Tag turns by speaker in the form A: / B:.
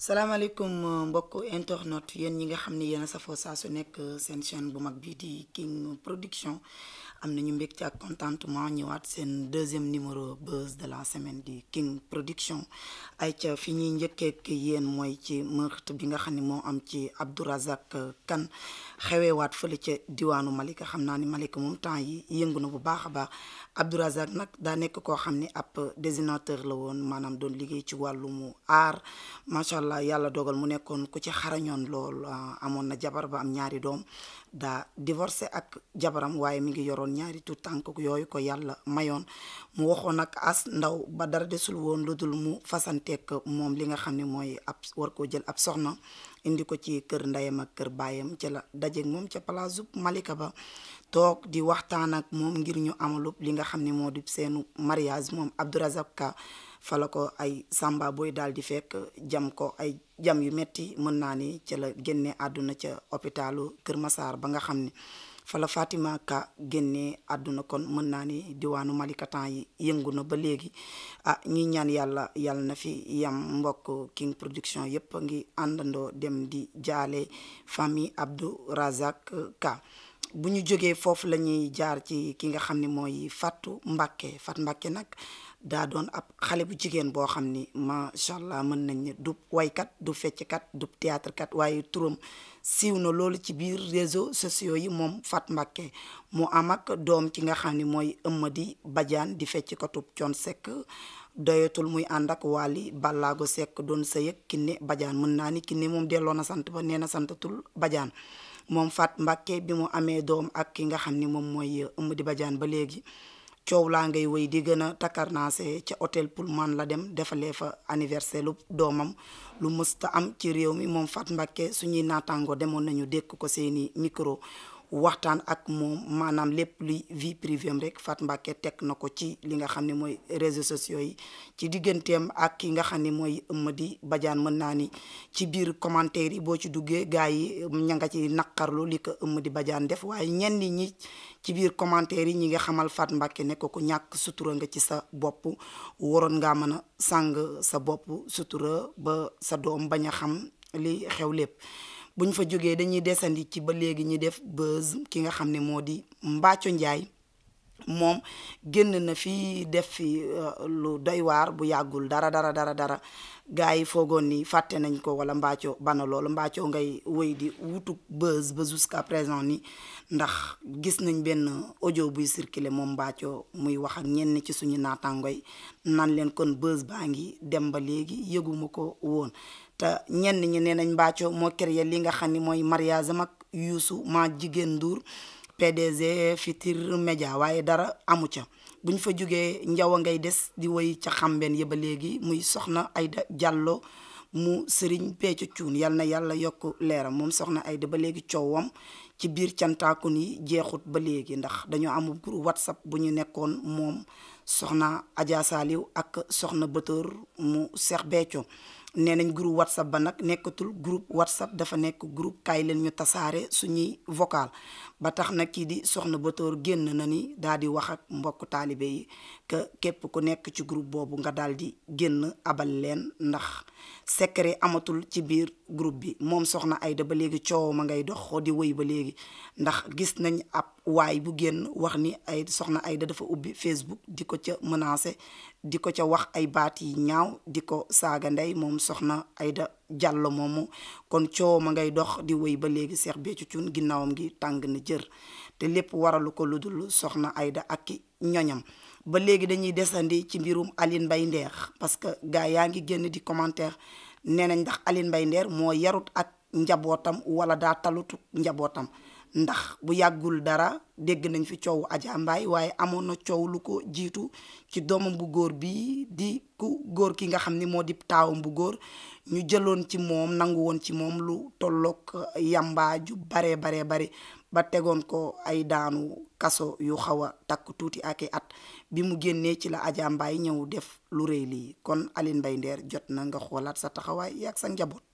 A: salaamaaleykum euh, mbokk internet yéen ñi nga xam ni yéen a safoo saa su nekk euh, seen chaîne bu mag bii di King Production am nañu mbégte ak contentement ñëwaat seen deuxième numéro buzz de la semaine di King Production ay ca fi ñuy njëkkeek yéen mooy ci meurtre bi nga xam ni moo am ci Abdourazak Kane xeweewaat fële ci diwaanu Malika xam naa ni Malika moom temps yi yënguna bu baax a baax Abdourazak nag daa nekk koo xam ni ab dessinateur la woon maanaam doon liggéey ci wàllumu aar macha allah yàlla dogal mu nekkoon ku ci xarañoon lool ah, amoon na jabar ba am ñaari doom daa divorcé ak jabaram waaye mi ngi yoroon ñaari tu tànk yooyu ko yàlla mayoon mu waxoon ak as ndaw ba dara desul woon lu dul mu fasanteek moom li nga xam ne mooy ab war koo jël ab soxna indi ko ci kër ndeyam ak kër baayam ca la dajeeg moom ca palaasu Malika ba di waxtaan ak moom ngir ñu amalub li nga xam ne moo di seenu mariage moom Abdourazak Ka fala ko ay samba booy daal di fekk jam ko ay jam yu metti mën naa ni ca la génne àdduna ca hôpitalu Kër masaar ba nga xam ni fala la Fatima Ka génne àdduna kon mën naa ni diwaanu Malikatan yi yëngu na ba léegi ah ñi ñaan yàlla yàlla na fi yam mbokk King Production yépp ngi àndandoo dem di jaale famille Abdou Razak Ka bu ñu jógee foofu la ñuy jaar ci ki nga xam ni mooy fattu Mbacké Fatou Mbacké nag daa doon ab xale bu jigéen boo xam ni macha allah mën nañ ne du waykat du fecckat du théâtre kat waaye turam siiw na loolu ci biir réseaux sociaux yi moom Fat Mbacké mu am ak doom ki nga xam ni mooy Eumeudi Badiane di fecckatub Thione Seck doyatul muy ànd ak Wally Ballago Seck doon sëy ak Kiné mën naa ni Kiné moom delloo na sant nee na santatul Badiane moom Fat bi mu amee doom ak ki nga xam ni moom mooy Eumeudi Badiane ba léegi coow laa ngay wéy di gën a takkarnaase ca hôtel Pullman la dem defalee fa anniversaire lu doomam lu mësta am ci réew mi moom Fat Mbacké suñuy naataango demoon nañu dékk ko seeni micro waxtaan ak moom maanaam lépp lu vie privée am rek Fatou Mbacké teg na ko ci li nga xam ne mooy réseaux sociaux yi ci digganteem ak ki nga xam ni mooy di Badiane mën naa ni ci biir commentaire yi boo ci duggee gars yi ña nga ci naqarlu li ko di Badiane def waaye ñenn ñi ci biir commentaire yi ñi nga xamal Fatou Mbacké nekk ko ku ñàkk sutura nga ci sa bopp waroon ngaa mën a sàng sa bopp sutura ba sa doom bañ a xam li xew lépp bu ñu fa jógee dañuy desandi ci ba léegi ñi def buzz ki nga xam ne moo di Mbathio njaay moom génn na fi def fi euh, lu doy waar bu yàggul dara dara dara dara gars yi foogoon ni fàtte nañ ko wala Mbathio bana loolu Mbathio ngay wéy di wutu buzz ba jusqu'à présent ni ndax gis nañ benn ojo buy circuler moom Mbathio muy wax ak ñenn ci suñu naataangooy nan leen kon buzz baa ngi dem ba léegi yëguma ko woon te ñenn ñi nee nañ Mbathio moo créé li nga xam ni mooy mariage am ak Youssou ma jigéen Ndour PDG Futurs Médias waaye dara amu ca bu fa jógee njaw a ngay des di woy ca yi ba léegi muy soxna Aïda jàlloo mu sëriñ Béthio Thioune yal na yàlla yokk leeram moom soxna Aïda ba léegi coowam ci biir cantaakun jeexut ba léegi ndax dañoo amul groupe whatsapp bu ñu nekkoon moom soxna Adja ak soxna Bëtoor mu Cheikh Béthio nee nañ groupe whatsapp ba nag nekkatul groupe whatsapp dafa nekk group kaay leen ñu tasaare suñuy vocal ba tax na kii di soxna Batoor génn na ni daal di wax ak mbokk taalibe yi que képp ku nekk ci groupe boobu nga daal di génn abal leen ndax secret amatul ci biir groupe bi moom soxna Aida ba léegi coow a ngay dox di woy ba léegi ndax gis nañ ab waay bu génn wax ni ay soxna Aida dafa ubbi Facebook di ko ca menacer di ko ca wax ay baat yi ñaaw di ko saaga ndey moom soxna Aida Diallo moomu kon coow ma ngay dox di wëy ba léegi Cheikh Béthio Thioune ginnaawam gi tàng na jër te lépp waralu ko lu dul soxna ayda ak ñoñam ba léegi dañuy desandi ci mbirum Aline Mbaye Nder parce que gars yaa ngi génn di commentaire nee nañ ndax Aline Mbaye moo yarut ak njabootam wala daa talut njabootam ndax bu yàggul dara dégg nañ fi coow Adja Mbaye waaye amoon na coow lu ko jiitu ci doomam bu góor bi di ku góor ki nga xam ni moo di taawam bu góor ñu jëloon ci moom nangu woon ci moom lu tollook yamba ju baree baree bare ba tegoon ko ay daanu kaso yu xaw a takk tuuti ak i at bi mu génnee ci la Adja Mbaye ñëw def lu rëy lii kon Aline Mbaye jot na nga xoolaat sa taxawaay yaag sa njaboot